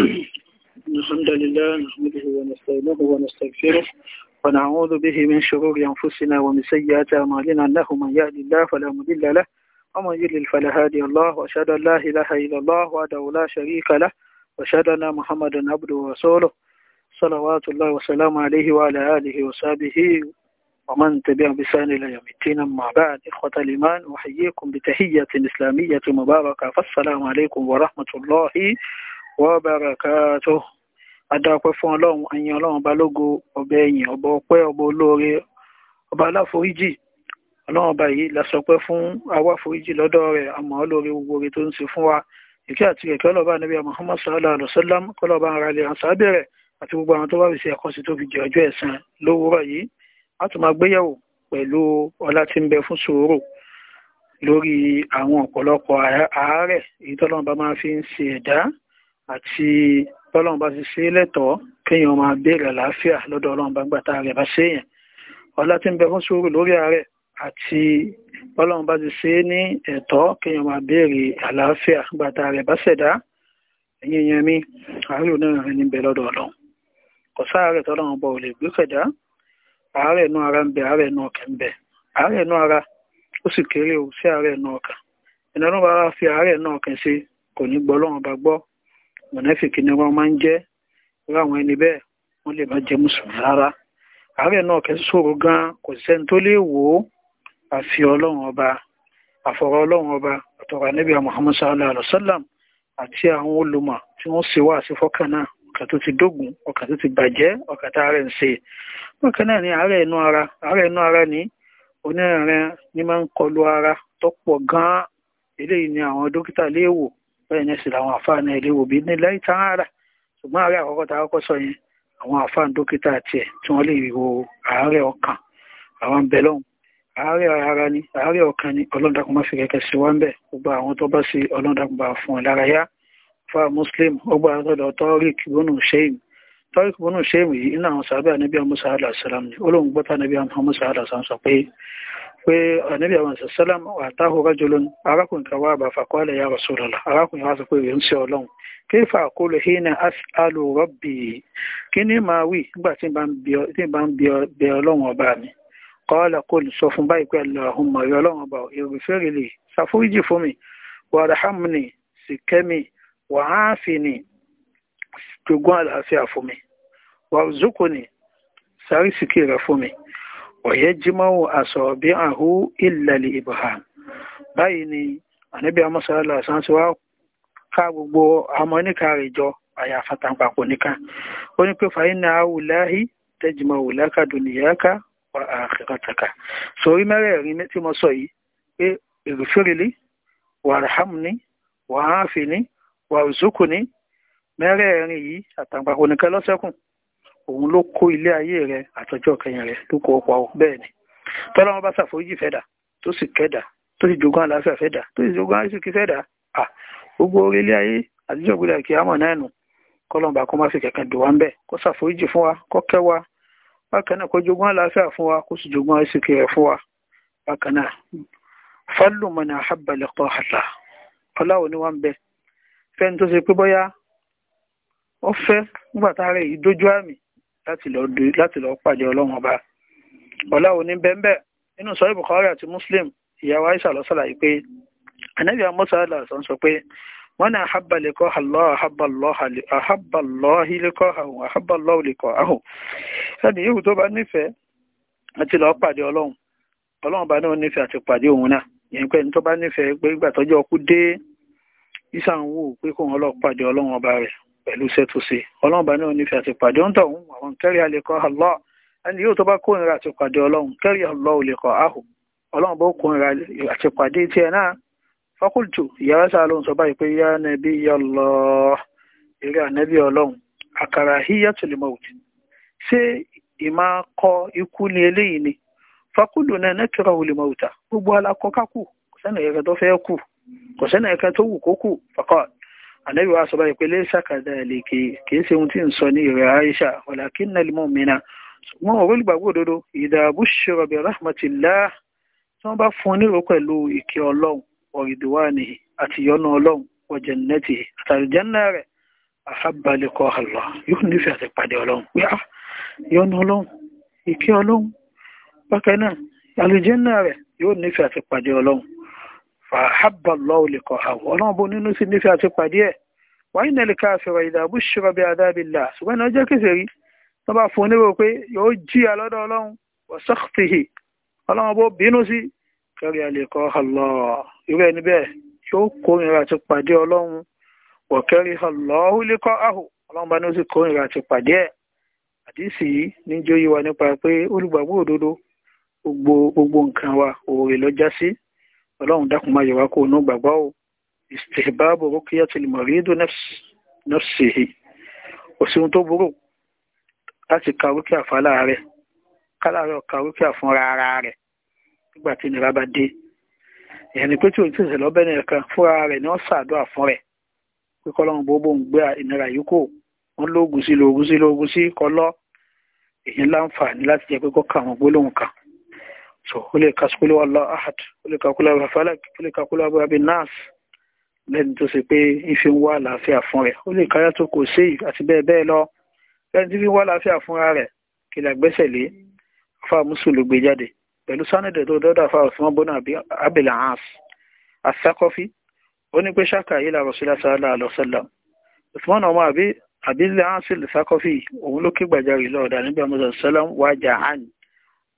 نعم. الحمد لله نحمده ونستعينه ونستغفره ونعوذ به من شرور أنفسنا ومن سيئات أعمالنا أنه من يهد الله فلا مضل له ومن يضلل فلا هادي الله وأشهد أن لا إله إلا الله وحده لا شريك له وأشهد أن محمدا عبده ورسوله صلوات الله وسلام عليه وعلى آله وصحبه ومن تبع بسان إلى يوم الدين أما بعد إخوة الإيمان أحييكم بتحية إسلامية مباركة فالسلام عليكم ورحمة الله وبركاته adáwọ̀pẹ́ fún ọlọ́run ẹ̀yìn ọlọ́run ọba lógo ọba ẹ̀yìn ọba ọpẹ́ ọba olóore ọba aláforíjì ọlọ́run ọba yìí lásọpẹ́ fún awáforíjì lọ́dọ̀ rẹ̀ àmọ́ olóore gbogbo rẹ̀ tó ń ṣe fún wa ìkẹ́ àti ìkẹ́ ọlọ́ba níbi Muhammad sallallahu alaihi wasallam kọlọ́ba ara lè ránṣẹ́ abẹ́rẹ́ àti gbogbo àwọn tó bá fi ṣe àkọsí tó fi jẹ ọjọ́ ẹ̀san lówùúrọ̀ yìí a tún máa gbéyẹ̀wò pẹ̀lú ọlá tí ń bẹ fún sùúrù lórí àwọn ọ̀pọ̀lọpọ̀ àárẹ̀ èyí tọ́lọ́run máa fi ń ṣe ẹ̀dá àti bọ́lọ́run bá ti ṣe é lẹ́tọ̀ọ́ kéèyàn máa béèrè àlàáfíà lọ́dọ̀ ọlọ́run bá gbàtà rẹ̀ bá ṣe yẹn ọlá tí ń bẹ fún sùúrù lórí ààrẹ àti bọ́lọ́run bá ti ṣe é ní ẹ̀tọ́ kéèyàn máa béèrè àlàáfíà gbàtà rẹ̀ bá ṣẹ̀dá ẹ̀yìn yẹn mi àárẹ̀ onírìn rẹ̀ níbẹ̀ lọ́dọ̀ ọlọ́run kò sáàárẹ̀ tọ́lọ́run bọ̀ ò lè gbé kẹ̀dá àárẹ̀ inú ara ń bẹ àárẹ̀ inú ọkàn ń bẹ àárẹ̀ inú ara ó sì kéré mọ̀nẹ́fìkì ni wọ́n máa ń jẹ́ irú àwọn ẹni bẹ́ẹ̀ wọ́n lè má jẹ́ mùsùlùmí rárá àárẹ̀ náà kẹ́ sòrò gan kò sẹ́ni tó lè wò ó àfi ọlọ́run ọba àfọ̀rọ̀ ọlọ́run ọba àtọ̀rọ̀ ànábì Muhammad sallallahu alaihi wasallam àti àwọn olùmọ̀ tí wọ́n ṣe wá sí fọ́kàn náà ọkà tó ti dógùn ọkà tó ti bàjẹ́ ọkà tá àárẹ̀ ń ṣe bákan náà ni àárẹ̀ inú ara àárẹ̀ inú ara ni onírìnrìn ni máa ń kọlu ara tó gan eléyìí ni àwọn dókítà léèwò bẹ́ẹ̀ ni sì làwọn àfáàní ilé wò bí nílẹ̀ ìtàn ara ṣùgbọ́n àárẹ̀ àkọ́kọ́ tá a kọ́kọ́ sọ yẹn àwọn àfáàní dókítà tiẹ̀ tí wọ́n lè wo àárẹ̀ ọkàn àwọn bẹ̀lọ́hùn àárẹ̀ ara ni àárẹ̀ ọkàn ni ọlọ́dàkùn má fi kẹ̀kẹ́ sí wá ń bẹ̀ gbogbo àwọn tó bá sí ọlọ́dàkùn bá fún ẹ lára yá fa muslim ọgbà àtọ́dọ̀ tọ́rík bónú ṣéyìn tọ́rík bónú ṣéyìn yìí nínú àwọn sàbẹ̀ àníbíà musa aláṣàlám ni ó lóun gbọ́tà àníbíà musa aláṣàlám pé ànábì àwọn ìsọ̀sọ́lám àtàhù rajulun arákùnrin kan wá àbàfà kọ́lẹ̀ ya Rasulullah arákùnrin wá sọ pé rèé ń ṣe ọlọ́run kí fà kó lè hínà as'alu rabbi kí ní máa wí nígbà tí n bá ń bẹ ọlọ́run ọba mi kọ́lẹ̀ kó lè sọ fún báyìí pé Allahumma rí ọlọ́run ọba èrè fẹ́rẹ̀ lè ṣàforíjì fún mi warhamni sì kẹ́mi wàhánfìní jogún àlàáfíà fún mi warzuqni sàrísìkì rẹ̀ fún mi ọ̀yẹ́jímọ́wò aṣọ bí àhú ìlẹ̀lẹ̀ ibrahim báyìí ni ànábì amọ́sọ̀rọ̀lá ọ̀sán ti wá ká gbogbo àmọ́ níka rẹ̀ jọ àyàfà tàǹpàpọ̀ níka ó ní pé fàyín náà wùláhí tẹ́jìmọ̀wò lákàdù nìyàká wà àkìrọ̀tàkà sórí mẹ́rẹ̀ẹ̀rin tí mo sọ yìí pé ìrìfìrìlì wàrhamni wàhánfìní wàrùsùkùní mẹ́rẹ̀ẹ̀rin yìí àtàǹpàpọ̀ níka lọ́sẹ̀kùn òun ló kó ilé ayé rẹ àtọjọ́ kẹyìn rẹ ló kó ọpa ọ bẹ́ẹ̀ ni tọ́lá wọn bá ṣàforíjì fẹ́dà tó sì kẹ́dà tó sì jogún àlàáfíà fẹ́dà tó sì jogún àìsíkí fẹ́dà à gbogbo orí ilé ayé àtijọ́ gbọdọ̀ kí á mọ̀ náà nù kọ́lọ́mbà kó má fi kẹ̀kẹ́ dùn wá ń bẹ̀ kó ṣàforíjì fún wa kó kẹ́ wa bákan náà kó jogún àlàáfíà fún wa kó sì jogún àìsíkí rẹ fún wa bákan náà fálù láti lọ pàdé ọlọ́run ọba ọlá òní bẹ́ńbẹ́ nínú sọ Bukhari àti Muslim ìyàwó Aisha lọ sàlàyé pé anabi amusa alasan sọ pé wọn ni ahabalekọ alọ ahabalọhilekọ ahùn ahabalọhilekọ ahùn ẹni yìí tó bá nífẹ̀ẹ́ àti lọ pàdé ọlọ́run ọlọ́run bá náà nífẹ̀ẹ́ àti pàdé òun náà yẹn pé ẹni tó bá nífẹ̀ẹ́ pé ìgbà tọ́jọ́ ọkú dé ìsàn wò pé kóun ọlọ́run pàdé ọlọ́run ọba rẹ̀ pẹ̀lú iṣẹ́ tó ṣe ọlọ́run bá náà nífẹ̀ẹ́ àti pàdé ọ̀hún man kariha liqa'a Allah ẹni yóò tó bá kórìíra àti pàdé ọlọ́run kariha Allahu liqa'ahu ọlọ́run bó kórìíra àti pàdé tiẹ̀ náà fakultu ìyàwó sáà ló ń sọ báyìí pé yá nẹbí yá lọ eré ànẹ́bí ọlọ́run àkàrà híyá tó ṣé ìmá kọ ikú ni eléyìí ni fakultu náà nẹ́kẹ̀rọ wò gbogbo alákọ̀ọ́ká kù kò sẹ́nà ẹ̀kẹ́ tó fẹ́ kù kò sẹ́nà ẹ̀kẹ́ tó wù kó kù fakọ́t ànábì wa sọ báyìí pé laysa kadhalika kìí ṣe ohun tí ń sọ ní ìrẹ̀ Aisha walakinnal mu'mina ṣùgbọ́n òwe olùgbàgbọ́ òdodo idha bushira bi rahmatillah tí wọ́n bá fún un nírò pẹ̀lú ìkẹ́ ọlọ́run ọ̀rìndùwánì àti ìyọ́nú ọlọ́run wa jannati àtàlùjẹ́nà rẹ̀ ahabba liqa'a Allah yóò nífẹ̀ẹ́ àti pàdé ọlọ́run pé á ah, ìyọ́nú ọlọ́run ìkẹ́ ọlọ́run bákan náà àlùjẹ́nà rẹ̀ yóò fàáhàbà lọ́wọ́ lè kọ́ àwọn ọlọ́run bó nínú sí nífẹ̀ẹ́ àti pàdé ẹ̀ wáyé nílẹ̀ káfíọ̀ ìdààbò ṣọ́ra bí adábìlà ṣùgbọ́n ní ọjọ́ kẹsẹ̀ rí wọ́n bá fún onírò pé yóò jí alọ́dọ̀ ọlọ́run wọ́sọ́kìtìhì ọlọ́run bó bínú sí kẹrì àlèkọ́ ọlọ́ irú ẹni bẹ́ẹ̀ yóò kórìíra àti pàdé ọlọ́run wọ̀kẹ́rì ọlọ́hùn lẹ́kọ́ àhù ọlọ́run ọlọ́run dákun máa yẹ̀wá kó inú gbàgbọ́ o istihbabu ruqyatil maridu nafsihi òsìun tó burú láti ka rúkìá fún aláàárẹ̀ káláàárẹ̀ ọ̀ka rúkìá fún ara rẹ̀ nígbà tí ìnira bá dé ìyẹn ni pé tí òun ti ṣẹlẹ̀ ọbẹ̀ nìyẹn kan fúnra rẹ̀ ni wọ́n ṣàdúrà fún rẹ̀ pé kọ́lọ́run gbogbo ń gbé ìnira yìí kò wọ́n lóògùn sí lóògùn sí lóògùn sí kọ́lọ́ èyí láǹfààní láti jẹ́ pé kọ́ àwọn gbólóhùn kan so ó lè ka sukulu Allahu ahad ó lè ka kúlẹ̀ abúlé ó lè nas lẹ́ni tó ṣe pé ife ń wá àlàáfíà fún rẹ̀ ó lè káyà tó kò sí àti bẹ́ẹ̀ bẹ́ẹ̀ lọ lẹ́ni tí fi ń wá àlàáfíà fúnra rẹ̀ kìlà gbẹ́sẹ̀ lé afa musu ló gbé jáde pẹ̀lú sanadẹ̀ tó dọ́dọ̀ afa Usman bọ́nà abẹ́lẹ̀ hans asakọ́fí ó ní pé ṣáka la Rasulullah sallallahu alaihi wasallam Usman ọmọ àbí àbí lẹ́hànsì lẹ́sàkọ́fí òun ló kí gbàjarì lọ́ọ̀dà nígbà mọ́sán sálám wájà hàn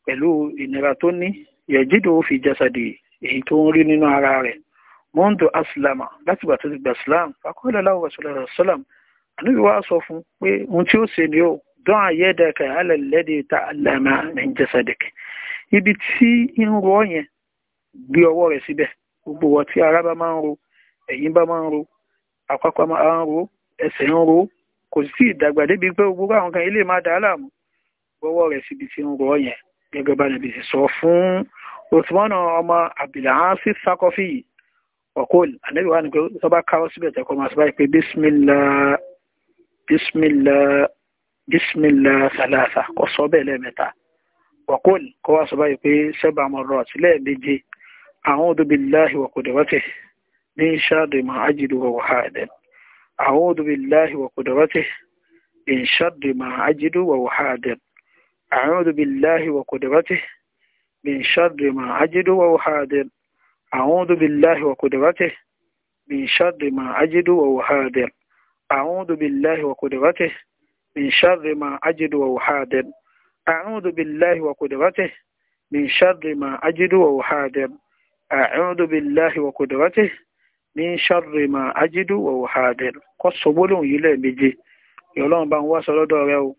pẹ̀lú ìnira tó ní yẹ̀jídò fi jásàdì èyí tó ń rí nínú ara rẹ̀ mọ́ńdò aslama láti gbà tó ti gbà islam fakọ́lẹ̀ láwọ̀ rasulullah salam àníbi wá sọ fún pé ohun tí ó ṣe ni ó dán àyẹ́dẹ̀kẹ̀ alẹ́lẹ́dẹ̀ ta alama min jasadik ibi tí ń ro yẹn gbé ọwọ́ rẹ̀ síbẹ̀ gbogbo wọ tí ara bá máa ń ro ẹ̀yìn bá máa ń ro àpapọ̀ máa ń ro ẹsẹ̀ ń ro kò sí ìdàgbà débi pé gbogbo àwọn kan ilé máa dà á láàmú gbọ́wọ́ rẹ̀ síbi tí ń ro yẹn gẹ́gẹ́ bá nàbí ṣe sọ fún osmanu ọmọ abdulhasi sakofi ọkọl anabi wa ni pé tọba káwọ síbẹ̀ tẹkọ máa sọba pé bismillah bismillah bismillah salasa kọ sọ bẹ́ẹ̀ lẹ́ẹ̀mẹ́ta ọkọl kọ wá sọba pé sẹba mọrọ sílẹẹmejì a'udhu billahi wa qudratihi min sharri ma ajidu wa hadan a'udhu billahi wa qudratihi min sharri ma ajidu wa أعوذ بالله وقدرته من شر ما أجد وأحاذر أعوذ بالله وقدرته من شر ما أجد وأحاذر أعوذ بالله وقدرته من شر ما أجد وأحاذر أعوذ بالله وقدرته من شر ما أجد وأحاذر أعوذ بالله وقدرته من شر ما أجد وأحاذر قصبولون يلي بيجي يولون بان واسلو دوريو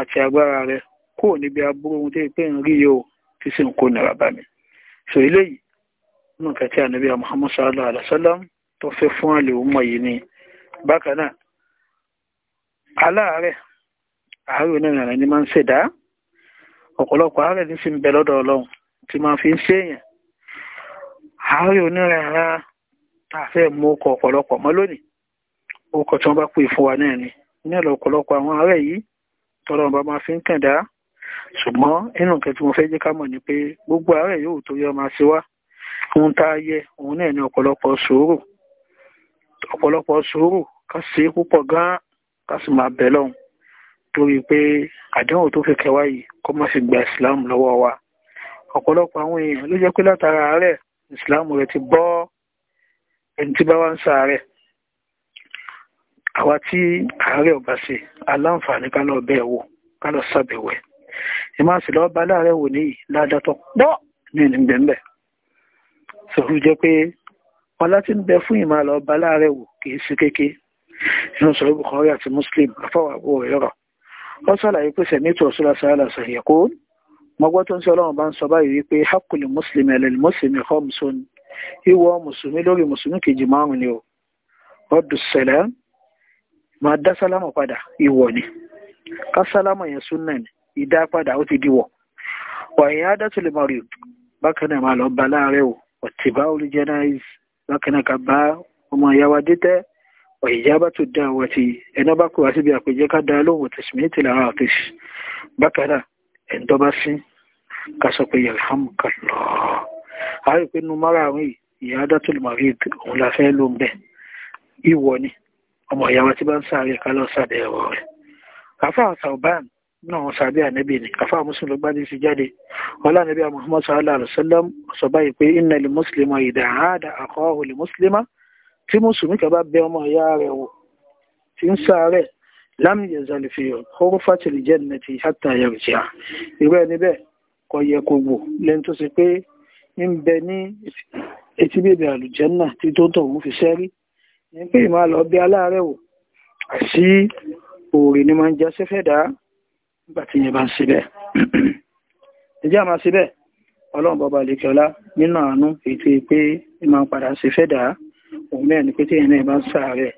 àti agbára rẹ̀ kúrò níbi aburú ohun tó pé ń rí yóò tí sì ń kó nira bá mi so eléyìí nǹkan tí ànábì Muhammad sallallahu alaihi wasallam tó fẹ́ fún àlè ọmọ yìí ni bákan náà aláàárẹ̀ àárẹ̀ onírànà ni máa ń ṣẹ̀dá ọ̀pọ̀lọpọ̀ àárẹ̀ ní sì ń bẹ lọ́dọ̀ ọlọ́run tí máa fi ń ṣèèyàn àárẹ̀ onírànà àfẹ́ mú ọkọ̀ ọ̀pọ̀lọpọ̀ mọ́ lónìí ọkọ̀ tí wọ́n bá pè fún wa náà ni ní ọ̀pọ̀lọpọ̀ àwọn àárẹ̀ yìí tọ́lọ́run máa fi ń kàn dá ṣùgbọ́n nínú nǹkan tí mo fẹ́ jẹ́ ká mọ̀ ni pé gbogbo àárẹ̀ yóò tó yọ máa ṣe wá ohun tá a yẹ òun náà ni ọ̀pọ̀lọpọ̀ sùúrù ọ̀pọ̀lọpọ̀ sùúrù ká ṣe é púpọ̀ gan-an ká sì máa bẹ̀ lọ́hùn torí pé àdéhùn tó kẹ̀kẹ́ wá yìí kó má sì gba ìsìláàmù lọ́wọ́ wa ọ̀pọ̀lọpọ̀ àwọn èèyàn ló jẹ́ pé látara àárẹ̀ ìsìláàmù rẹ̀ ti bọ́ ẹni tí bá wá ń ṣàárẹ̀ àwa tí àárẹ̀ ò bá ṣe aláǹfààní ká lọ bẹ́ẹ̀ wò ká lọ ṣàbẹ̀wẹ̀ ìmọ̀ sì lọ́ọ́ bá láàárẹ̀ wò ní ládàtọ̀ pọ̀ ní ìgbẹ̀mbẹ̀ sọ̀rọ̀ jẹ́ pé wọn láti ń bẹ fún ìmọ̀ lọ́ọ́ bá láàárẹ̀ wò kì í sí kéke inú sọ̀rọ̀ Bukhari àti Muslim afọwọ́ àbúrò ìrọ̀ wọ́n sàlàyé pé sẹ̀mí tó ọ̀ṣọ́lá sàálà sàyẹ̀ kó mọ́gbọ́n tó ń sọ ọlọ́run bá ń sọ báyìí wípé hakuli mùsùlùmí ẹlẹ́lì mùsùlùmí ìwọ mùsùlùmí lórí mùsùlùmí kejì márùn ni o ọdún sẹlẹ̀ máa dá sálámù padà ìwọ ni ká sálámù yẹn súnnà ni ìdápadà ó ti diwọ̀ wàyà dátúlẹ̀ mario bákan náà máa lọ bá láàárẹ̀ o ọ̀tìbá olùjẹ́náìs bákan náà ká bá ọmọ ìyáwá dẹ́tẹ́ ọ̀yẹ́yá bá tó dá wa ti ẹná bá kó wa síbi àpèjẹ ká dá lóhùn tẹ̀sìmẹ́tì lára àtẹ̀sì bákan náà ẹ̀ ń dọ́bá sí ká sọ pé yàrá àárí pé nu mara àwọn ìyá dátòlù marid òun la fẹ́ ló ń bẹ̀ ìwọ ni ọmọ ìyá wa ti bá ń sáré ká lọ sàbẹ̀ ẹ̀rọ rẹ̀ káfà náà wọn sàbí ànábì ni afa muslim ló gbá ní fi jáde ọlá ànábì muhammad sallallahu alaihi wa sallam sọ báyìí pé inna lil muslima idha aada akhahu lil muslima tí mùsùlùmí kan bá bẹ ọmọ ìyá rẹ̀ wò tí ń sáré lam yazal fi hurfatil jannati hatta yarji'a irú ẹni bẹ́ẹ̀ kò yẹ kó gbò lẹ́ni tó ṣe pé ń bẹ ní etí bèbè àlùjànnà tí tó nígbà tí yẹn bá ń ṣe bẹ́ẹ̀ ẹjẹ́ àmà ṣe bẹ́ẹ̀ ọlọ́run bọba àlekẹ́ọ́lá nínú àánú ètò pé máa padà ṣe fẹ́ dà á òun náà ni pé tí yẹn náà bá ń ṣàárẹ̀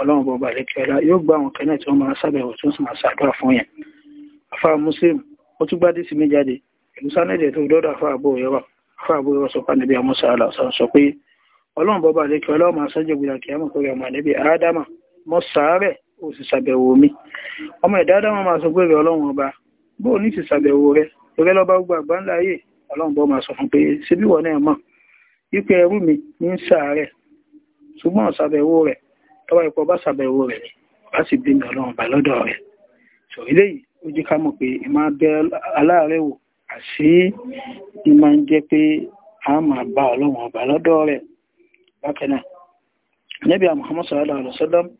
ọlọ́run bọba àlekẹ́ọ́lá yóò gba àwọn kẹ́nẹ̀ tí wọ́n máa ṣàbẹ̀wò tí wọ́n sì máa ṣàdúrà fún yẹn afa muslim ó tún gbádé sí mi ìlú sanẹ́dẹ̀ tó dọ́dọ̀ afa àbúrò yẹwà afa àbúrò ó sì ṣàbẹ̀wò mi ọmọ ìdáadáa wọn máa sọ pé rẹ ọlọ́run ọba bó o ní sì ṣàbẹ̀wò rẹ rẹ lọ́ba gbogbo àgbà ńlá ayé ọlọ́run bọ́ máa sọ fún pé ṣé bí wọ́n náà mọ̀ wípé ẹrú mi ní ń ṣàárẹ̀ ṣùgbọ́n ṣàbẹ̀wò rẹ̀ tọ́wọ́ ipò bá ṣàbẹ̀wò rẹ̀ ni bá sì bí mi ọlọ́run bá lọ́dọ̀ rẹ̀ sọ̀rí léyìí ó jẹ́ ká mọ̀ pé ìmọ̀ abẹ́ aláàárẹ̀ wò àṣé ìmọ̀ ń jẹ́ pé a máa bá ọlọ́run ọba lọ́dọ̀ rẹ̀ bákan náà Nabi Muhammad sallallahu alaihi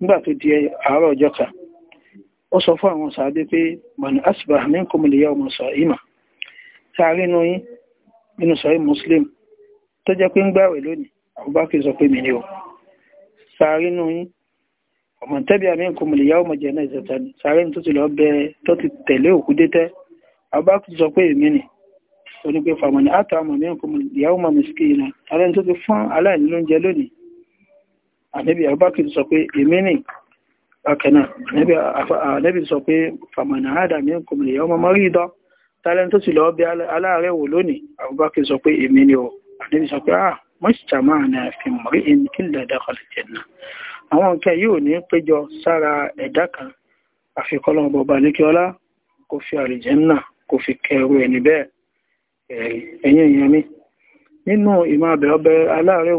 nígbà tó di àárọ̀ ọjọ́ kan ó sọ fún àwọn sàádé pé mọ̀nà asibà ní kòmìlìyà ọmọ sọ ìmọ̀ sáàrí inú nínú sọ muslim tó jẹ́ pé ń gbààwẹ̀ lónìí àbúbákì sọ pé mi ni o sáàrí inú yín ọmọ tẹ́bí àmì kòmìlìyà ọmọ jẹ́ náà ìzẹ̀ta ni sáàrí inú tó ti lọ bẹ tó ti tẹ̀lé òkú dẹ́tẹ́ àbúbákì sọ pé èmi ni ó ní pé ọmọ mi kòmìlìyà ọmọ mi ànẹ́bì abubakar sọ pé èmi nì bákanáà ànẹ́bì sọ pé fàmànà àdà ní kòmìnì ọmọ mọ́rí ìdọ́ tálẹ́n tó sì lọ bí aláàrẹ̀ wò lónìí abubakar sọ pé èmi ni o na ah, fi mọ̀rí ẹni kí lè dákọ̀lẹ̀ jẹ̀nà àwọn nǹkan yóò ní péjọ sára ẹ̀dá kan àfikọ́lọ́ bọba lékiọlá kò nínú ìmọ̀ àbẹ̀ ọbẹ̀ aláàrẹ̀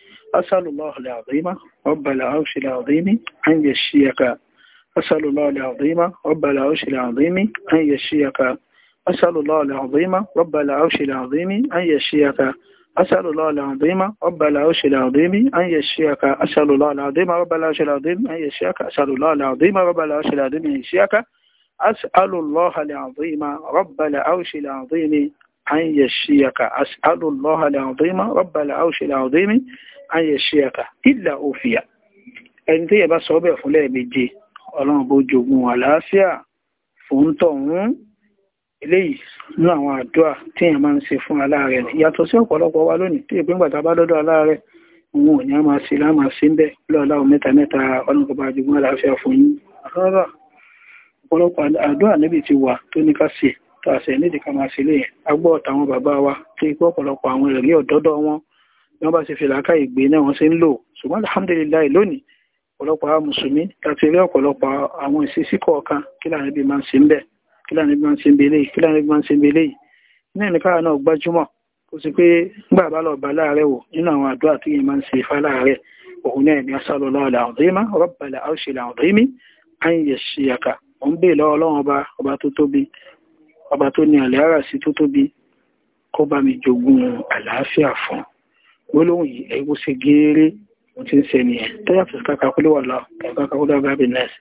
أسأل الله العظيم رب العرش العظيم أن يشفيك أسأل الله العظيم رب العرش العظيم أن يشفيك أسأل الله العظيم رب العرش العظيم أن يشفيك أسأل الله العظيم رب العرش العظيم أن يشفيك أسأل الله العظيم رب العرش العظيم أن يشفيك أسأل الله العظيم رب العرش العظيم أن يشفيك أسأل الله العظيم رب العرش العظيم an yashiyaka as'alu allaha al'azima rabbal arshi al'azimi an yashiyaka illa ofiya ẹni tí yẹba sọ bẹ́ẹ̀ fún lẹ́ẹ̀méje ọlọ́run bó jogun àlàáfíà fún tọ̀hún eléyìí nínú àwọn àdúrà tí èèyàn máa ń ṣe fún aláàárẹ̀ ni yàtọ̀ sí ọ̀pọ̀lọpọ̀ wa lónìí tí ìpínpà tá a bá lọ́dọ̀ aláàárẹ̀ òun ò ní a máa ṣe láàmà sí ń bẹ̀ lọ́ọ̀lá mẹ́ta mẹ́ta ọlọ́run bá jogun àlàáfíà fún yín rárá ọ̀pọ̀lọpọ̀ àdúrà níbi ti wà tó ní ká ṣe tàṣẹ nídìí ká máa ṣe léyìn agbọ́ ọ̀tàwọn bàbá wa tí ipò ọ̀pọ̀lọpọ̀ àwọn èrè ní ọ̀dọ́dọ̀ wọn bí wọ́n bá ṣe fi làákà ìgbé náà wọ́n ṣe ń lò ṣùgbọ́n alhamdulilayi lónìí ọ̀pọ̀lọpọ̀ àwọn mùsùlùmí láti rí ọ̀pọ̀lọpọ̀ àwọn ìṣesí kọ̀ọ̀kan kí láàrin bí máa ń ṣe ń bẹ̀ kí láàrin bí máa ń ṣe ń bẹ̀ léyìí kí láàrin bí máa ń ṣe ń bẹ̀ léyìí ọba tó ní àlàárà sí tó tóbi kó bá mi jogún àlàáfíà fún gbólóhùn yìí ẹ wó ṣe gééré mo ti ń ṣe nìyẹn tó yàtọ̀ sí káka kúlé wà lọ káka kúlé wà bábí nẹ́ẹ̀sì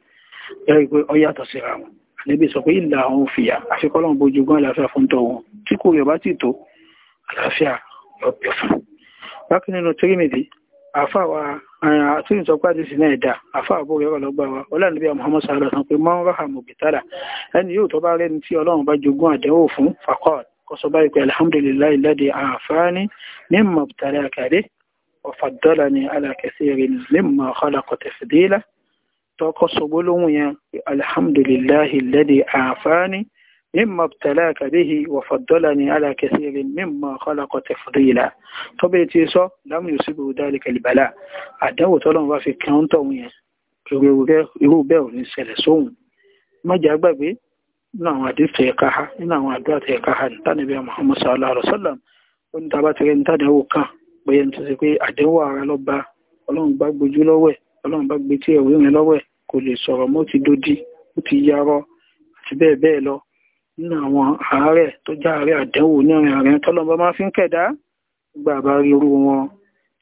ẹ rí i pé ọ yàtọ̀ síra wọn àníbi sọ pé ìlà àwọn òfìyà àfikọ́lọ́hún bójúgún àlàáfíà fún tọ̀ wọn tí kò yọ̀ bá ti tó àlàáfíà yọ̀ pẹ̀ fún. bákan nínú tírímìdì àfàwà eh, àti ìtọ́pàdé sí náà ẹ̀dá àfàwà bó rẹwà lọ́gbà wa ọlọ́run bí i Muhammad sallallahu alaihi wasallam pé mọ́n rọ́hà mọ̀gítàlà ẹni yóò tọ́ bá rẹ́ni tí ọlọ́run bá jogún àdẹ́wò fún fakọ́ọ̀d kọsọ báyìí pé alhamdulillahi alladhi àfáàní mimma ibtalaka bihi wa faddalani ala kathirin mimma khalaqa tafdila tọkọ sọgbólóhùn yẹn alhamdulillahi alladhi àfáàní mímọ̀ tẹ̀lẹ́kà bíhi wọ̀fọ̀dọ́là ní alákẹsẹ̀rẹ̀ mímọ̀ kọ́lákọ̀ tẹ̀fọ̀dọ́yìlá tó bẹ́ẹ̀ ti sọ lámù yòsíbò dáàlì kẹlìbàlá àdánwò tọ́lọ́run bá fi kàn ń tọ̀hún yẹn irú bẹ́ẹ̀ ò ní ṣẹlẹ̀ sóhun mọ́jà gbàgbé nínú àwọn àdìsẹ̀ ẹ̀ka ha nínú àwọn àdúrà tẹ̀ ẹ̀ka ha nítànìbẹ̀ Muhammad sallallahu alaihi wasallam ó ní tàbá ti rẹ̀ nítàdánwò kan bóyá ní tó ṣe pé àdánwò ara lọ bá ọlọ́run bá gbójú lọ́wẹ̀ ọlọ́run bá gbé tí ẹ̀wé rìn lọ́wẹ̀ kò lè sọ̀rọ̀ mọ́ ti dodi ó ti yarọ àti bẹ́ẹ̀ bẹ́ẹ̀ lọ nínú àwọn ààrẹ tó já ààrẹ àdánwò ní ọ̀rìn ààrẹ tọ́lọ́mbà máa fi ń kẹ̀dá gbà bá rí irú wọn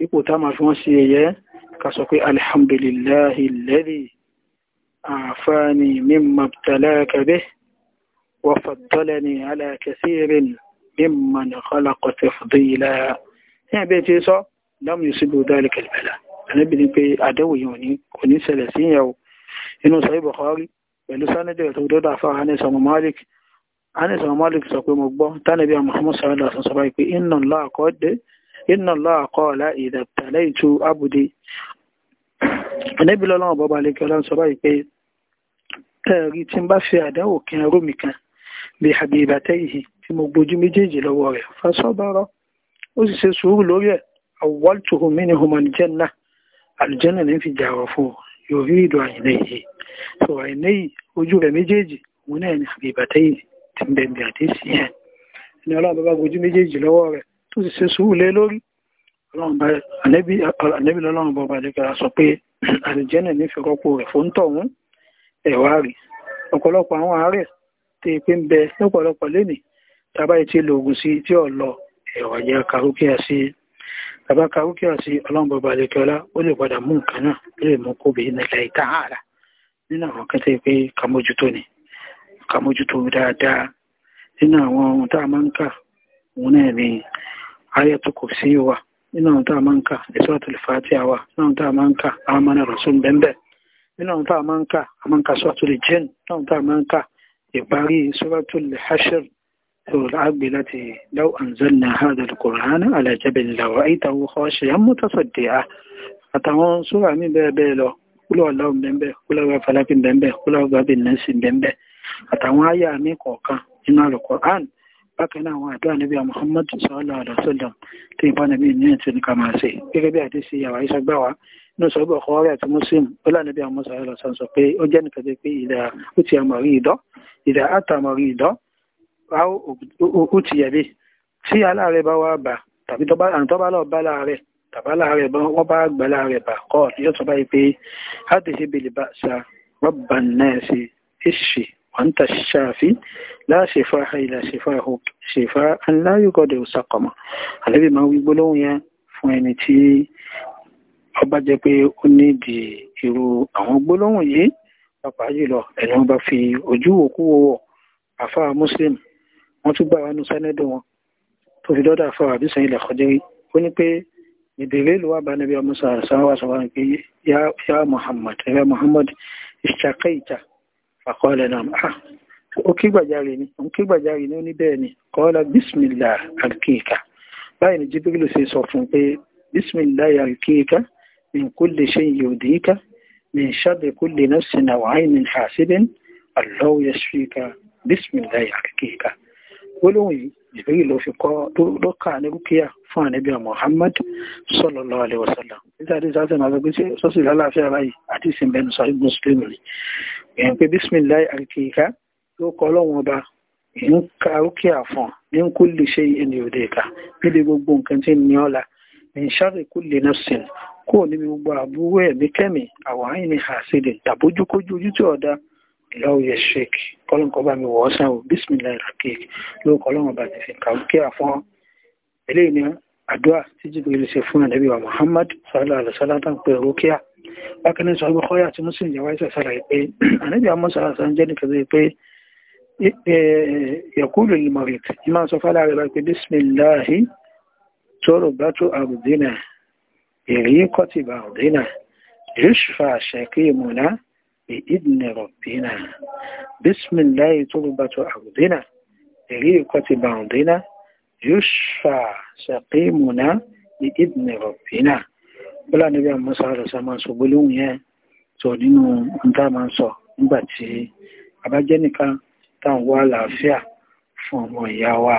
ipò tá máa fi wọ́n sí ẹ̀yẹ ká sọ pé alhamdulillahi alladhi àfáàní mimma ibtalaka bih wa faddalani ala kathirin mimman khalaqa tafdila ní ẹ̀bẹ́ tí sọ lam yusibu dhalika al-bala' anábìnrin pẹ̀lú sánẹ́dẹ̀ tó dọ́dà fáwọn Anas Malik anis malik sọ pé mo gbọ́ tánàbí muhammad sallallahu alaihi wasallam pé inna allaha qala idha ibtalaytu abdi ẹnẹ́bí lọ́lọ́wọ́ bọ́ba lẹ́kẹ́ ọlọ́run sọ báyìí pé ẹ̀rí tí ń bá fi àdánwò kan ẹrú mi kan bí àbíbàtẹ́ yìí tí mo gbójú méjèèjì lọ́wọ́ rẹ̀ tí ń bẹ̀m̀bẹ̀ àdéṣì yẹn ni ọlọ́run bá gojú méjèèjì lọ́wọ́ rẹ̀ tó sì ṣe sùúrù lé lórí ànẹ́bí lọ́lọ́run bọ̀ bàdékẹ́ra sọ pé àlùjẹ́nà nífẹ̀ẹ́ rọ́pò rẹ̀ fún tọ̀hún ẹ̀wà rẹ̀ ọ̀pọ̀lọpọ̀ àwọn àárẹ̀ tí pé ń bẹ lọ́pọ̀lọpọ̀ lénìí tàbá ìtí lòògùn sí tí ò lọ ẹ̀wà jẹ́ karókíà sí tàbá karókíà sí ọlọ́run bọ̀ bàdékẹ́ra ó lè padà mú nǹkan náà lè mú kóbi nílẹ̀ ìtàhàrà nínú àwọn kẹtẹ́ pé kàmójútó ni ká mójútó dáadáa nínú àwọn ohun tá a máa ń kà òun náà ni ayatul kursi wà nínú àwọn tá a máa ń kà suratul fatiha wà nínú àwọn tá a máa ń kà amana rasul bẹ́ẹ̀ nínú àwọn tá a máa ń kà a máa ń kà suratul jinn nínú àwọn tá a máa ń kà ìparí suratul hashr العبد التي لو أنزلنا هذا القرآن على جبل لرأيته خاشعا متصدعا àtàwọn sóra mi bẹ́ẹ̀ bẹ́ẹ̀ lọ kúlọ̀ ọ̀làwọ̀ bẹ́ẹ̀ kúlọ̀ ọ̀gá falákì bẹ́ẹ̀ kúlọ̀ àtàwọn àyà mi kọ̀ọ̀kan nínú Al-Qur'an bákan náà àwọn àdúrà níbi Muhammadu sallallahu alaihi wasallam tó ìbá níbi ní ẹ̀tì ní kàmá sí gẹ́gẹ́ bí àdé sí yàwá iṣẹ́ gbà wá inú sọ́gbà ọkọ̀ ọ̀rẹ́ àti Muslim ó lá níbi àwọn sọ̀rọ̀ lọ́sàn sọ pé ó jẹ́ nìkan pé ìdá ó ti àmọ̀rí ìdọ́ ìdá àtàmọ̀rí ìdọ́ ó ti yẹ̀bi tí aláàrẹ bá wá bà tàbí tọ́bá lọ bá láàrẹ tàbá láàrẹ wọ́n bá gbà láàrẹ bà kọ́ أنت ṣáfi لا شفاء ilà ṣẹfà òkè ṣẹfà aláyọ̀gọ́dẹ̀ òṣàkọ̀mọ̀ àlẹ́bí máa wí gbólóhùn yẹn fún ẹni tí ọba jẹ́ pé ó nídìí irú àwọn gbólóhùn yìí pàápàá jùlọ ẹni wọn bá fi ojú òkú wọ àfa muslim wọn tún gbà wánú sánẹdọ wọn tó fi dọdọ àfa àbí sẹyìn lẹkọjẹrí ó ní pé ìbéèrè ló wà bá níbi ọmọ sàrà sáwọn wà sọ wọn pé yá muhammad yá muhammad ìṣàkẹ́ àkọọ́lẹ̀ náà ah ó kí gbàjáre ni òun kí gbàjáre ni ó ní bẹ́ẹ̀ ni kọ́ọ́lá bísmìlá àríkèéka báyìí ni Jibril ṣe sọ fún pé bísmìlá àríkèéka min kulli shay'in yudika min sharri kulli nafsin aw 'aynin hasibin Allahu yashfika bísmìlá àríkèéka gbólóhùn yìí jìbìrì ló fi kọ́ ló kà ní rúkìá fún ànábì Muhammad sallallahu alaihi wasallam nígbà tí sáà sẹ́nu àgbẹ̀gbẹ̀ sí sọ́sì lálàáfíà báyìí àti ìsìn bẹ́ẹ̀ sọ ibùn sùlẹ̀mù rí èèyàn pé bísmìláì àríkìíká yóò kọ́ ọlọ́run ọba ń ka rúkìá fún ní kú lè ṣe ẹni òde ìka níbi gbogbo nǹkan tí ń ní ọ́la min sharri kulli nafsin kúrò níbi gbogbo àbúrò ẹ̀mí kẹ́mì àwọ̀ àyìn ni àṣìlè tàbójúkójú ojú tí ọ̀dà ìlọ́wọ́ yẹ sheik kọ́lọ́n kọ́ bá mi wọ́ sàn ó bísmìlá ìràkèk ló kọ́lọ́n ọba ti fi kàwé kíra fún ọ eléyìí ni àdúrà tí Jibril ṣe fún ànábì wa Muhammad sallallahu alaihi wasallam tó ń pè rókíà bákan náà sọ ọgbọ́n kọ́yà àti Muslim yẹwà ìṣẹ̀ sàlàyé pé ànábì àmọ́ sàlà sàn jẹ́ nìkan sí pé yẹkúlù ìmọ̀rìt ní máa sọ fálà rẹ̀ pé bísmìláhì tóró bá tó àrùdínà èrí kọ́tìbà àrùdínà yóò ṣùfà àṣẹ بإذن ربنا بسم الله تربة أرضنا بريقة بعضنا يشفى سقيمنا بإذن ربنا ولا نبي موسى على سما سبلون يا sọ nínú nta máa ń sọ nígbà tí a bá jẹ́ nìkan táwọn wá àlàáfíà fún ọmọ ìyá wa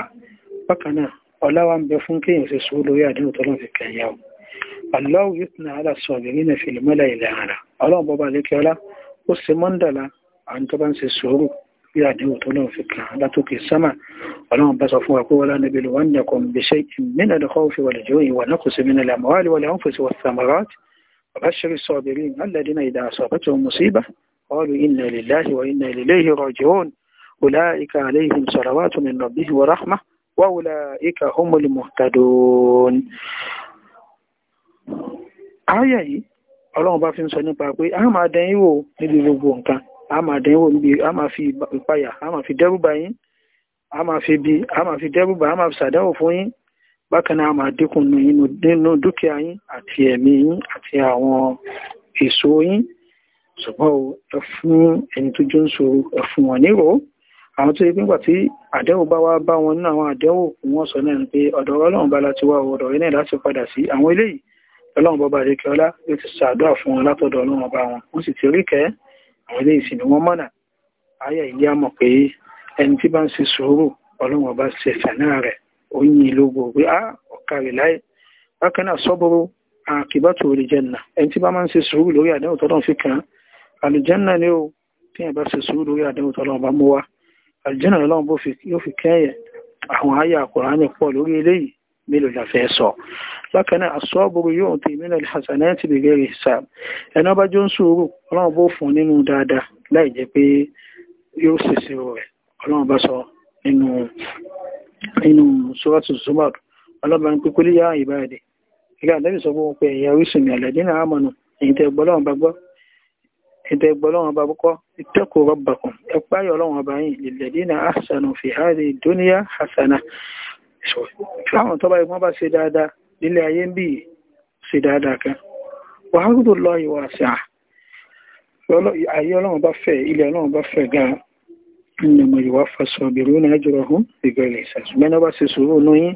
bákan náà ọlá wa ń bẹ fún kéèyàn ṣe sùúrù lórí àdéhùn tó lọ́n fi kẹ̀yà o Allahu yutna ala sabirina fil mala'i al a'la ọlọ́run bọ́ba lékè ọlá ó ṣe mọ́ndàlá àwọn tó bá ń ṣe sùúrù bí àdéhùn tó náà fi kàn án látòkè sámà ọlọ́run bá sọ fún wa pé wọ́n lánàá bí lọ́wọ́ nìkan bí ṣe ìmìnà lọ́kọ́ fi wà lẹ́jọ́ ìwà náà kò sí mìnà lẹ́ àmọ́ wàlẹ́ àwọn fèsì wà samarat bàbá ṣe rí sọ bèrè alẹ́dínà ìdá àṣọ àpẹtọ musiba qalu inna lillahi wa inna ilayhi raji'un ulaika alayhim salawatu min rabbihim wa rahmah wa ulaika humul muhtadun. ayà yìí ọlọ́run bá fi ń sọ nípa pé a máa dán yín wò níbi gbogbo nǹkan a máa dán yín wò níbi a máa fi ìpayà a máa fi dẹ́rùbà yín a máa fi bi a máa fi dẹ́rùbà a máa fi ṣàdánwò fún yín bákan náà a máa dínkù nínú dúkìá yín àti ẹ̀mí yín àti àwọn èso yín ṣùgbọ́n ẹ fún ẹni tó jó ń sọ̀rọ̀ ẹ fún wọn nírò àwọn tó yẹ pé nígbà àdẹ́wò bá wá bá wọn nínú àwọn àdẹ́wò wọn sọ náà ni pé ọ̀dọ̀ ọlọ́run bá láti wá ọ̀dọ̀ rẹ̀ náà láti padà sí àwọn eléyìí ọlọ́run bọba àdékẹ́ ọlá ló ti ṣàdúrà fún wọn látọ̀dọ̀ ọlọ́run ọba wọn wọ́n sì ti rí kẹ́ àwọn ilé ìsìn ni wọ́n mọ̀nà ayé ìdí àmọ̀ pé ẹni tí bá ń ṣe sùúrù ọlọ́run ọba ṣe sànà rẹ̀ ó yin ìlógo pé á ọ̀ka rẹ̀ láyé bákan náà sọ́bùrù àkìbátò lè jẹ́nà ẹni tí bá máa ń ṣe sùúrù lórí àdéhùn tọ́lọ́run fi kàn án àlùjẹ́nà ni ó tí ẹ̀ bá ṣe sùúrù lórí àdéhùn tọ́lọ́run bá mú wa àlùjẹ́nà lọ́lọ́run yóò fi kẹ́yẹ̀ àwọn ayé àkùrá ní pọ̀ lórí eléyìí mélòó la fẹ́ sọ bákan náà asọ́bùrù yóò ti mílẹ̀ hasanẹ́ ti bèèrè hisab ẹni ọba jó ń sùúrù ọlọ́run bó fún nínú dáadáa láì jẹ́ pé yóò ṣèṣe rẹ̀ ọlọ́run bá sọ nínú nínú sọ́rọ̀tù zumar ọlọ́ba ń pé kó léyà ìbáyàdé ìgbà àdẹ́bì sọ fún pé ẹ̀yà orísun ní àlẹ́ nínú àmọ̀nà èyí tẹ́ bá kọ́ ìtẹ́kọ̀ọ́ rọ́bàkùn ẹ̀páyọ̀ lọ́wọ́n bá yìí lè láwọn tọ́ba ìwọ́n bá ṣe dáadáa nílé ayé ń kan wàhálùdò lọ ìwà àṣà ayé ọlọ́run bá fẹ̀ ilé ọlọ́run bá fẹ̀ gan-an ìnàmọ̀ ìwà fàṣọ ìbẹ̀rù ní àjọrọ̀ hún ìgbẹ̀rẹ̀ ìṣàṣù mẹ́nà bá ṣe sùúrù nú yín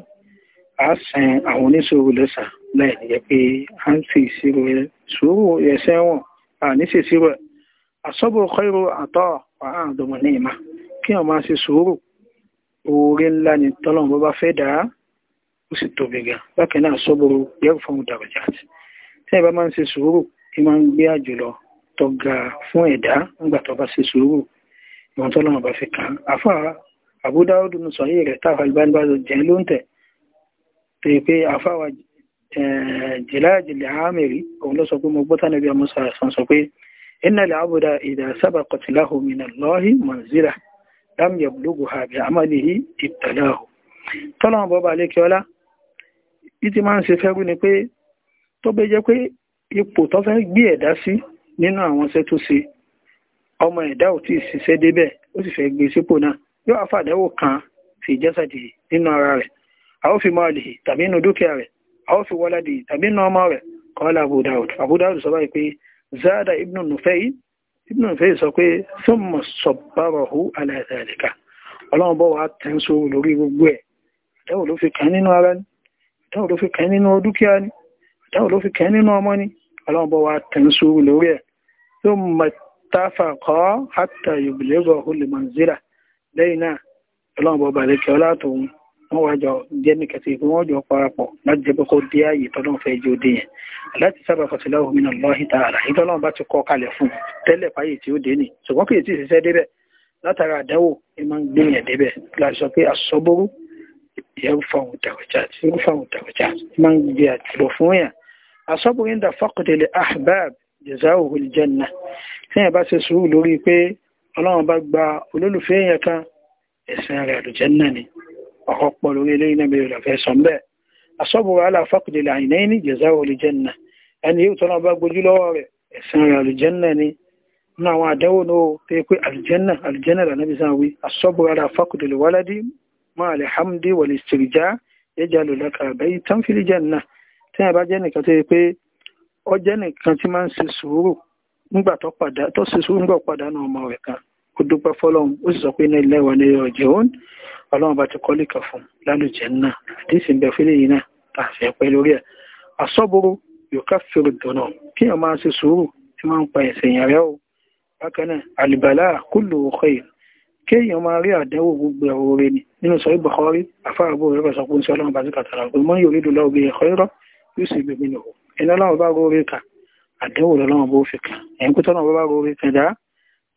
a sàn àwọn oníṣòwò lẹ́sà láì níyẹ pé a ń fi ìṣirò sùúrù wọn a ní ṣèṣirò àṣọ́bù khairu àtọ́ àádọ́mọ̀ ní ìmá kí wọ́n máa ṣe sùúrù oore ńlá ni tọ́lọ́run bọ́ bá fẹ́ dá ó sì tóbi gan bákan náà sọ́bùrù yẹ́rù fún ìdàgbàjà àti tí ẹ bá máa ń ṣe sùúrù tí máa ń gbé àjùlọ tó ga fún ẹ̀dá nígbà tó bá ṣe sùúrù ìwọ̀n tọ́lọ́run bá fi kàn án àfà Abu Dawud ní sọ̀yìn rẹ̀ táwọn Albani bá jẹ́ ló ń tẹ̀ tó yẹ pé àfà wa eh, jìláàjìlẹ̀ àmìrí òun ló sọ pé mo gbọ́ tánàbí ọmọ sọ lam yablugha bi amalihi ibtalahu tọ́lọ́wọ́n bọ́ba alékiọlá bí ti máa ń ṣe fẹ́rú ni pé tó bẹ́ jẹ́ pé ipò tó fẹ́ gbé ẹ̀dá sí nínú àwọn iṣẹ́ tó ṣe ọmọ ẹ̀dá ò tí ṣiṣẹ́ débẹ̀ ó sì fẹ́ gbé sípò náà yóò àfàdẹ́wò kan fi jẹ́sàdì nínú ara rẹ̀ a ó fi malihi tàbí inú dúkìá rẹ̀ a ó fi waladi tàbí inú ọmọ rẹ̀ kọ́lá Abu Dawud sọ báyìí pé zada ibn Nufay ibùdó ìfẹ́ sọ pé sọ́mọ̀ sọ̀bárọ̀hù aláìsàlẹ̀ká ọlọ́run bọ́ wa tẹ́ǹsó lórí gbogbo ẹ̀ ìdáwò ló fi kàn nínú ara ni ìdáwò ló fi kàn nínú dúkìá ni ìdáwò ló fi kàn nínú ọmọ ni ọlọ́run bọ́ wa tẹ́ǹsó lórí ẹ̀ tó mọ̀ táfà kọ́ hátà yòbìlẹ́gọ̀ olùmọ̀nzíra lẹ́yìn náà ọlọ́run bọ́ balẹ̀ kẹ́ ọlá wọ́n wá jọ jẹ́ nìkan sí pé wọ́n jọ parapọ̀ láti jẹ́ pé kó dé ààyè tọ́lọ́run fẹ́ jẹ́ òde yẹn láti sábà kọ̀tìlá òmìnira lọ́hìn tààrà ìtọ́lọ́run bá ti kọ́ kalẹ̀ fún tẹ́lẹ̀ fáyè tí ó dé nì ṣùgbọ́n kì í sì ṣiṣẹ́ débẹ̀ látara àdánwò ẹ máa ń gbé yẹn débẹ̀ láti sọ pé àsọgbóró yẹn fáwọn dàwọjà tí máa ń gbé àtìlọ fún yẹn àsọgbóró ń dà fákòtẹ́lẹ̀ ahbab jazaohu aljanna ẹ̀sìn rẹ̀ àlùjẹ́nà ni ọkọ̀ pọ̀ lórí eléyìí náà bẹ̀rẹ̀ lọ́fẹ́ sọ bẹ́ẹ̀ asọ́bùrù aláfàkùdìlà àìnáyìní jẹ̀zá olùjẹ́nà ẹni yóò tọ́nà bá gbójú lọ́wọ́ rẹ̀ ẹ̀sìn rẹ̀ olùjẹ́nà ni nínú àwọn àdánwò náà pé pé alìjẹ́nà alìjẹ́nà lànàbí sáà wí asọ́bùrù aláfàkùdìlà wáládì máa alhamdi wàlẹ̀ ìsìrìjá ẹjà lòlákà àbẹ́yí tán fìlì jẹ́nà tí a bá jẹ́ nìkan tó yẹ pé ó nìkan tí máa ń ṣe sùúrù nígbà tó ṣe sùúrù nígbà padà náà ọmọ rẹ̀ kan ó dúpẹ́ fọ́lọ́run ó sì sọ pé iná ilé wa ní ọjọ́ òun ọlọ́run bá ti kọ́lé kan fún lálùjẹ́ náà àdísì ń bẹ fílẹ̀ yìí náà tá a fẹ́ pẹ́ lórí ẹ̀ àsọ́bùrú yòókà fèrè dùnà kí ẹ̀ máa ṣe sùúrù tí máa ń pa ẹ̀sẹ̀ yẹn rẹ́ o bákan náà àlùbálà kúlù khair kéèyàn máa rí àdánwò gbogbo ẹ̀wọ̀ rẹ ni nínú sọ Bukhari àfáàbò rẹ̀ sọ pé ń sọ ọlọ́run bá ti kàtàrà pé mọ́ yòó lédò ẹ̀kọ́ irọ́ yóò sì gbèmí nù ẹni ọlọ́run bá rọrí kà àdánwò lọ́wọ́ bó fi kà ẹ̀yìn pé tọ́lọ́run bá rọrí kà dáa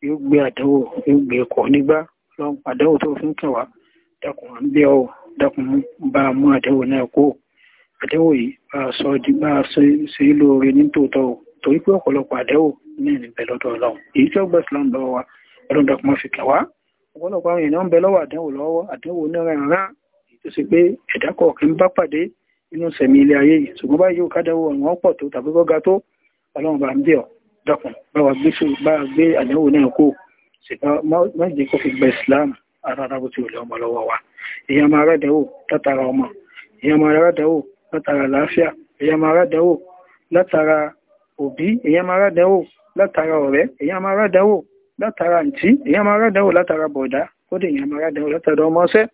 yóò gbé àdánwò yóò gbé kọ nígbà lọ́n àdánwò tó fi ń kàn wá dákun à ń bẹ̀ ọ́ bá a mú àdánwò náà kó àdánwò yìí bá a sọ di bá a ṣe é lóore ní tòótọ́ o torí pé ọ̀pọ̀lọpọ̀ àdánwò ní ìrìnbẹ̀ lọ́dọ̀ ọlọ́run èyí tí ó gbà sílámù wa ọlọ́run dákun má fi kàn wá ọ̀pọ̀lọpọ̀ àwọn èèyàn ń bẹ lọ́wọ́ àdánwò lọ́wọ́ àdánwò onírànràn èyí tó ṣe pé ẹ̀dá kọ̀ọ̀kan bá pàdé dákun báwa gbé báwa gbé àdánwò náà kó ṣùgbọ́n má jẹ́ kó fi gba ìsìláàmù ara ara bó ti wùlẹ̀ ọmọ lọ́wọ́ wa èyí máa rádẹ́wò látara ọmọ èyí máa rádẹ́wò látara àlàáfíà èyí máa rádẹ́wò látara òbí èyí máa rádẹ́wò látara ọ̀rẹ́ èyí máa rádẹ́wò látara àǹtí èyí máa rádẹ́wò látara bọ̀dá kódé èyí máa rádẹ́wò látọ̀dọ̀ ọmọọṣẹ́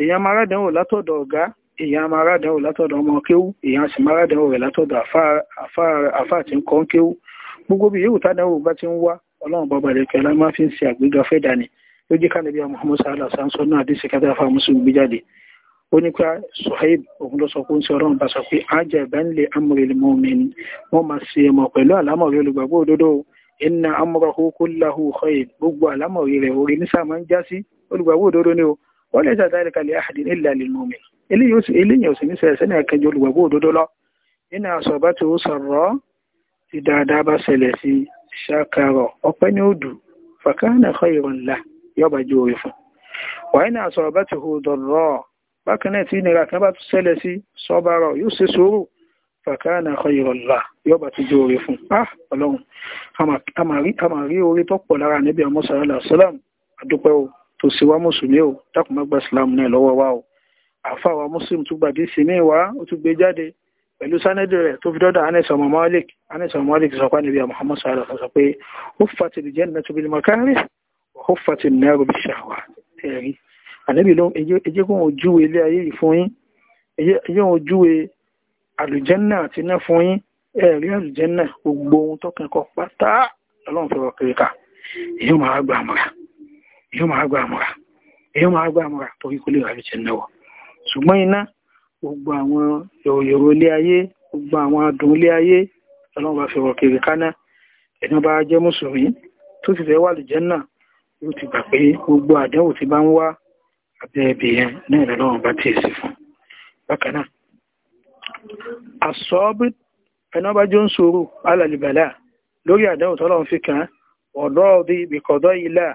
èyí máa rádẹ́wò látọ̀dọ̀ ọ̀gá èyí máa rádẹ́wò látọ̀dọ̀ ọmọ kéwú èyí sì máa rádẹ́wò rẹ̀ látọ̀dọ̀ àfáà tí ń kọ́ kéwú gbogbo bí yóò tádàwò bá ti ń wá ọlọ́run bọ́ba rẹ̀ kẹlá máa fi ń ṣe àgbéga fẹ́dà ni ló jẹ́ ká nàbí àmọ́ musa alásánsọ náà dé sèkátà fa mùsùlùmí gbé jáde ó ní pé suhaib òun ló sọ pé ń sọ ọlọ́run bá sọ pé ajá ìbá ń lè amúrèlè mọ́ mi ni wọ́n máa ṣe mọ̀ pẹ̀lú àlámọ̀rí olùgbàgbọ́ òdodo inna amúrahó kó láhù khair gbogbo àlámọ̀rí tí dáadáa bá ṣẹlẹ̀ sí ṣàkàrọ̀ ọpẹ́ ní òdù fàkànà khayran lah yọba ju orí fún wàá ní àṣọ ọba ti hù dọ̀rọ̀ bákan náà tí ìnira kan bá tún ṣẹlẹ̀ sí sọ́bàrọ̀ yóò ṣe sùúrù fàkànà khayran lah yọba ti ju orí fún ah ọlọ́run a máa rí orí tó pọ̀ lára níbi àmọ́ sàrẹ́lá sọ́lám àdúpẹ́ o tó sì wá mùsùlùmí o dákùnmọ́gbà sàlámù náà lọ́wọ́ wa o àfa wa mùsùlùmí tún gbàdí sí ní wa ó tún gbé jáde pẹ̀lú sanadi rẹ̀ tó fi dọ́dọ̀ Anas ọmọ Malik Anas ọmọ níbi Muhammad sọ̀rọ̀ sọ pé ó fàtì lè jẹ́ nínú tó bílí mọ̀kárì ó fàtì ní ẹrù bí ṣàwà ẹ̀rí ànábì ló ẹjẹ́ kó wọn júwe ilé ayé yìí fún yín ẹjẹ́ wọn júwe àlùjẹ́nà àti iná fún yín ẹ̀rí àlùjẹ́nà gbogbo ohun tó kẹ́kọ̀ọ́ pátá lọ́lọ́run fẹ́ràn kiri ká ṣùgbọ́n iná gbogbo àwọn yòròyòrò ilé ayé gbogbo àwọn adùn ilé ayé ọlọ́run bá fi rọ̀ kiri káná ẹni bá jẹ́ mùsùlùmí tó sì fẹ́ wà lùjẹ́ náà yóò ti gbà pé gbogbo àdánwò tí bá ń wá abẹ́ ẹbí yẹn náà lọ́lọ́run bá tiẹ̀ sí fún bákan náà àsọ́ọ́bí ẹni bá jọ ń sọ̀rọ̀ alàlìbàlà lórí àdánwò tọ́lọ́run fi kàn án ọ̀dọ́ ọdí ìbìkọ̀dọ́ ilà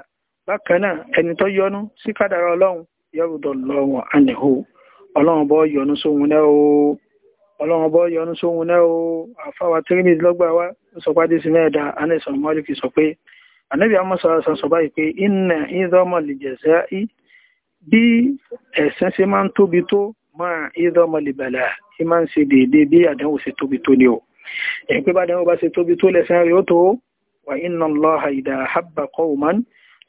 bákan náà ẹni tó yọnu sí kádàrá ọlọ́run yọrùdọ̀ lọ́wọ́ àníhó ọlọ́run bọ́ yọnu sóhun náà o ọlọ́run bọ́ yọnu sóhun náà o àfáwà tírímìtì lọ́gbà wa sọpádé sí mẹ́ẹ̀dá anẹ́sàn mọ́lìkì sọ pé ànábì amọ́sọ̀rọ̀ sàn sọ báyìí pé iná ìdọ́mọ̀ lè jẹ̀sẹ̀ í bí ẹ̀sìn ṣe máa ń tóbi tó máa ìdọ́mọ̀ lè bàlà máa ń ṣe déédé bí àdánwò ṣe tóbi tó ni o ẹ̀ pé bá àdánwò bá ṣe tóbi tó lẹ́sìn rẹ̀ ó tó wà iná lọ́ha ìdá àhábà kọ́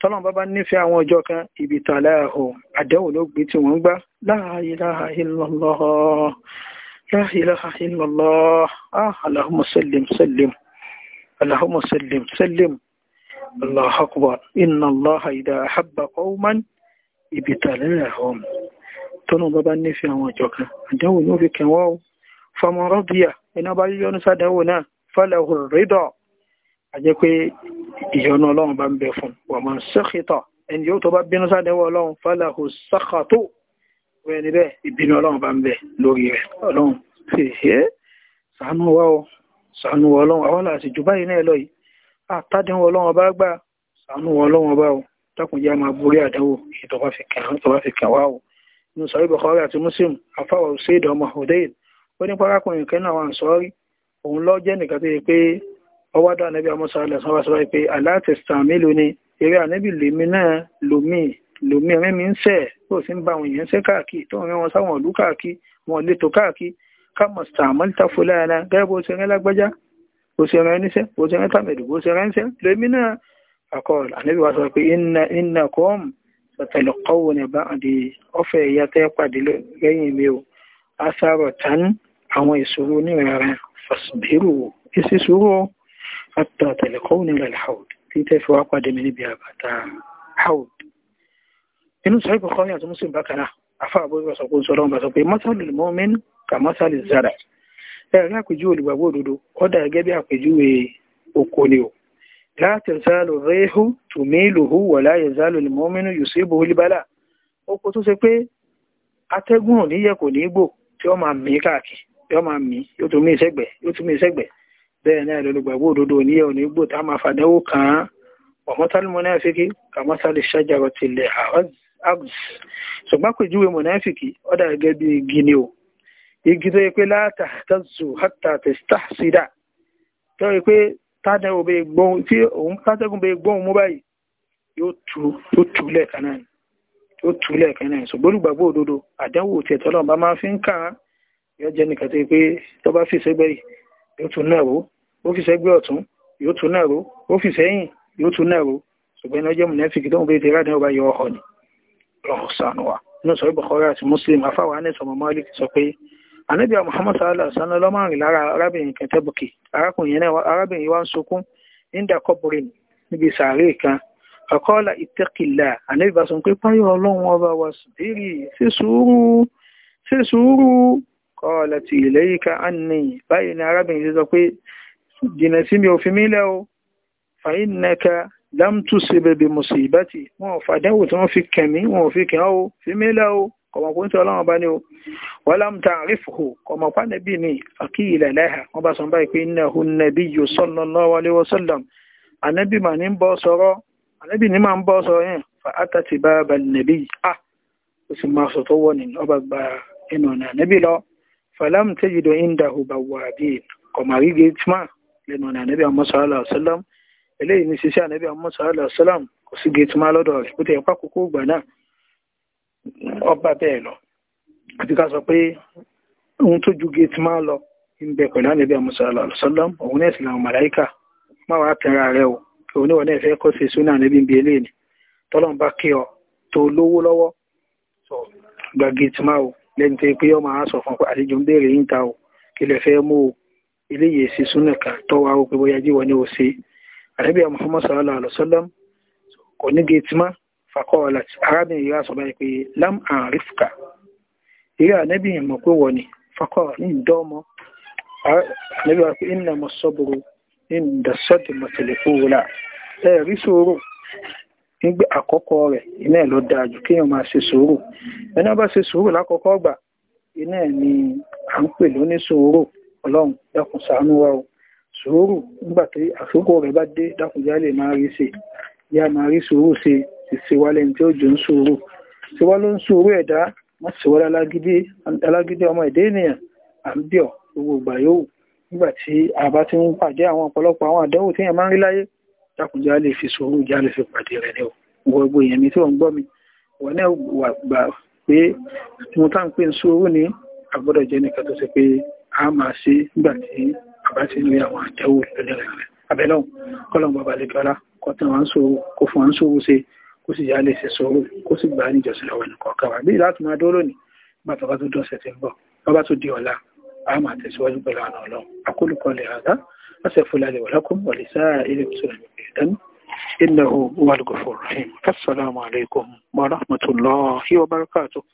tọ́lọ́n bá bá nífẹ̀ẹ́ àwọn ọjọ́ kan ibi tààlẹ́ ọ̀hún àdẹ́wò ló gbé tí wọ́n ń gbá la ilaha illallah la ilaha illallah ah, allahumma sallim sallim allahumma sallim sallim allahu akbar inna allaha idha ahabba qauman ibi tààlẹ́ ọ̀hún tọ́lọ́n bá ìyọnu ọlọ́run bá ń bẹ fún wa man sakhita ẹni yóò tó bá bínú sádẹ́wọ́ ọlọ́run falahu sakhatu wẹ́n níbẹ̀ ìbínú ọlọ́run bá ń bẹ lórí rẹ̀ ọlọ́run sì sànú wa o sànú wa ọlọ́run àwọn làásì jù báyìí náà lọ yìí àtàdínwó ọlọ́run ọba gbà sànú wa o tákùnjá máa borí àdánwò èyí tó bá o nínú sọ̀rọ̀ Bukhari àti Muslim afáwọ̀ ṣéèdọ̀ ọmọ Hudayn ó ní párákùnrin kẹ́ náà wà ń sọ́rí òun lọ jẹ́ nìkan tó ọwádọ́ ànábì amọ́sọ alẹ́sán wá sọ pé alátẹ̀sán mélòó ni eré ànábì lèmi náà lomi lomi ẹ̀rín mi ń sẹ̀ tó sì ń ba àwọn èèyàn ń sẹ́ káàkiri tó ń rí wọn sáwọn ìlú káàkiri wọn létò káàkiri káàmọ̀ sàmọ́lítà fúláyàná gẹ́gẹ́ bó ṣe rẹ́ lágbájá bó ṣe rẹ́ níṣẹ́ bó ṣe rẹ́ tàmẹ̀dù bó ṣe rẹ́ níṣẹ́ lèmi náà àkọọ̀lù ànábì wá sọ pé inna inna kọ́ọ̀m sọ̀tẹ̀lọ̀kọ́wò ní báàdì ọ̀fẹ́ ìyá tẹ́ pàdé lẹ́yìn mi o asárọ̀ tán àwọn ìṣòro onírẹ̀rẹ̀ fàṣbírù ìṣìṣòro hatta tẹ̀lẹ̀kọ́ nílẹ̀ alhaud tí tẹ́ fi wá pàdé mi níbi àbàtà haud inú sọ ìbùkọ́ ní àti muslim bákanáà afá àbúrò sọ pé sọlọ́run bá sọ pé masalul mu'min ka masalul zara ẹ̀rí àpèjú olùgbàgbọ́ òdodo ó gẹ́gẹ́ bí àpèjúwe oko ni o láti sálò réhù tùmílùhù wà láyé zálò lèmọ́mínú yusibu olíbálà oko tó ṣe pé atẹ́gùn ò níyẹ kò ní gbò tí ó máa mí káàkiri tí máa mí yóò tún mí sẹ́gbẹ̀ẹ́ yóò tún mí sẹ́gbẹ̀ẹ́ bẹ́ẹ̀ náà lọ́lùgbàgbọ́ òdodo ní ẹ̀ onígbò tá máa fàdánwò kàn án ọ̀mọ́tálù mọ́náfíkì kàmọ́tálù ṣájàrọ̀ tilẹ̀ àgùs ṣùgbọ́n pèjúwe mọ́náfíkì ọ̀dà gẹ́gẹ́ bí igi ni o igi tó yẹ pé láàtà tazù hátà tẹ̀sítà sídà tó yẹ pé tátẹ́gùn bẹ gbóhùn mú báyìí yóò tú lẹ́ẹ̀kan náà yóò tú lẹ́ẹ̀kan náà ṣùgbọ́n olùgbàgbọ́ ó fi sẹ́gbẹ́ ọ̀tún yóò tún náà ró ó fi sẹ́yìn yóò tún náà ró ṣùgbọ́n iná jẹ́ mùnẹ́fìkì tó ń bèèrè tẹ́lá dẹ́wọ́ bá yọ ọ̀họ̀ ni lọ́hùn inú sọ ìbọ̀kọ́rẹ́ àti muslim afáwa anẹ́sọ mọ́mọ́lìkì sọ pé anábìà muhammad sallallahu alaihi wa sallam lọ́mọ́rin lára arábìnrin kan tẹ́bùkì arábìnrin wa ń sunkún nígbà kọ́bùrin níbi sàárè kan ọ̀kọ́ọ̀lá ìtẹ́kìlá anábìà sọ pé páyọ̀ ọlọ́run ọba wa sùdírì ṣe sùúrù ṣe sùúrù kọ́ọ̀lá ti ilẹ̀ yìí ká á báyìí ni arábìnrin ti sọ pé jìnà sí mi ò fi mílẹ̀ o fàyín nẹka dámtù sí bèbè mùsíbàtì wọn ò fàdẹ́wò tí wọ́n fi kẹ̀mí wọn ò fi kẹ́ o fi o kọ̀mọ̀kún tí ọlọ́run bá ní o wọ́n lám ta àrífòhò ni àkíyèlẹ̀ lẹ́hà wọ́n bá sọ báyìí pé innahu nabiyyu sallallahu alaihi wasallam ànábì mà ní bọ́ sọ̀rọ̀ ànábì ní máa ń bọ́ sọ̀rọ̀ yẹn fa átàtì bá bá nẹ́bí à ó sì máa sọ tó wọ̀ ní ọba gba lẹ́nu ọ̀nà ànábì àmọ́ sàálà ọ̀sálàm eléyìí ní ṣiṣẹ́ ànábì àmọ́ sàálà ọ̀sálàm kò sí gẹ̀ẹ́tì máa lọ́dọ̀ rẹ̀ bó ti ẹ̀pá kókó ìgbà náà ọba bẹ́ẹ̀ lọ àti ká sọ pé ohun tó ju gẹ̀ẹ́tì máa lọ ń bẹ pẹ̀lú ànábì àmọ́ sàálà ọ̀sálàm òun náà sì làwọn màláìkà má wàá tẹ̀ra rẹ o òun náà náà fẹ́ kọ́ sí sún náà níbi ibi eléyìí eléyìí ṣe súnà ká tọ́wọ́ àwọn pé bóyá jíwọ́ ní òsè ànábì Muhammad sallallahu alaihi wasallam kò ní géètì má fàkọ́ọ̀lá arábìnrin yóò sọ báyìí pé lam àrífùkà eré ànábì mọ̀ pé wọ̀ ni fakọ́ ní ìdọ́mọ́ ànábì wa pé ìnà mọ̀ sọ́bùrù ní ìdásọ́dì mọ̀tẹ̀lẹ̀ òwúlà ẹ rí sùúrù nígbà àkọ́kọ́ rẹ̀ iná ẹ̀ ló dáa jù kéèyàn máa ṣe sùúrù ẹni wọ́n bá ṣe sùúrù lákọ̀ọ́kọ́ gbà iná ẹ̀ ni à ń pè lóní sùúrù ọlọ́run dákun ṣàánú wa o sùúrù nígbà tí àkókò rẹ̀ bá dé dákun já lè máa rí ṣe yá máa rí sùúrù ṣe ìṣèwà lẹ́ni tí ó jò ń sùúrù ṣèwà ló ń sùúrù ẹ̀dá wọ́n ṣèwà alágídí ọmọ ẹ̀dá ènìyàn à ń bíọ̀ gbogbo ìgbà yòówù nígbà àbá ti ń pàdé àwọn ọ̀pọ̀lọpọ̀ àwọn àdánwò tí èèyàn máa ń rí láyé dákun já lè fi sùúrù já lè fi pàdé rẹ̀ ní o gbogbo èèyàn mi tí ò ń gbọ́ mi wọ́n náà wà gbà pé a máa ṣe nígbà tí bàbá ti ń rí àwọn àjẹ́wò lórí rẹ̀ abẹ́lọ́ kọ́lọ́n bàbá lè gbọ́lá kọ́tàn wá ń sòwò kó fún wa ń sòwò ṣe kó sì yá lè ṣe sòwò kó sì gbà á níjọsìn lọ́wọ́ ẹnì kọ̀ọ̀kan wa bí láti máa dúró lónìí bàtà bá tó dọ̀sẹ̀ tí ń bọ̀ bàbá tó di ọ̀la a tẹ̀síwájú pẹ̀lú àna ọlọ́run akólùkọ́ عليكم ورحمة الله وبركاته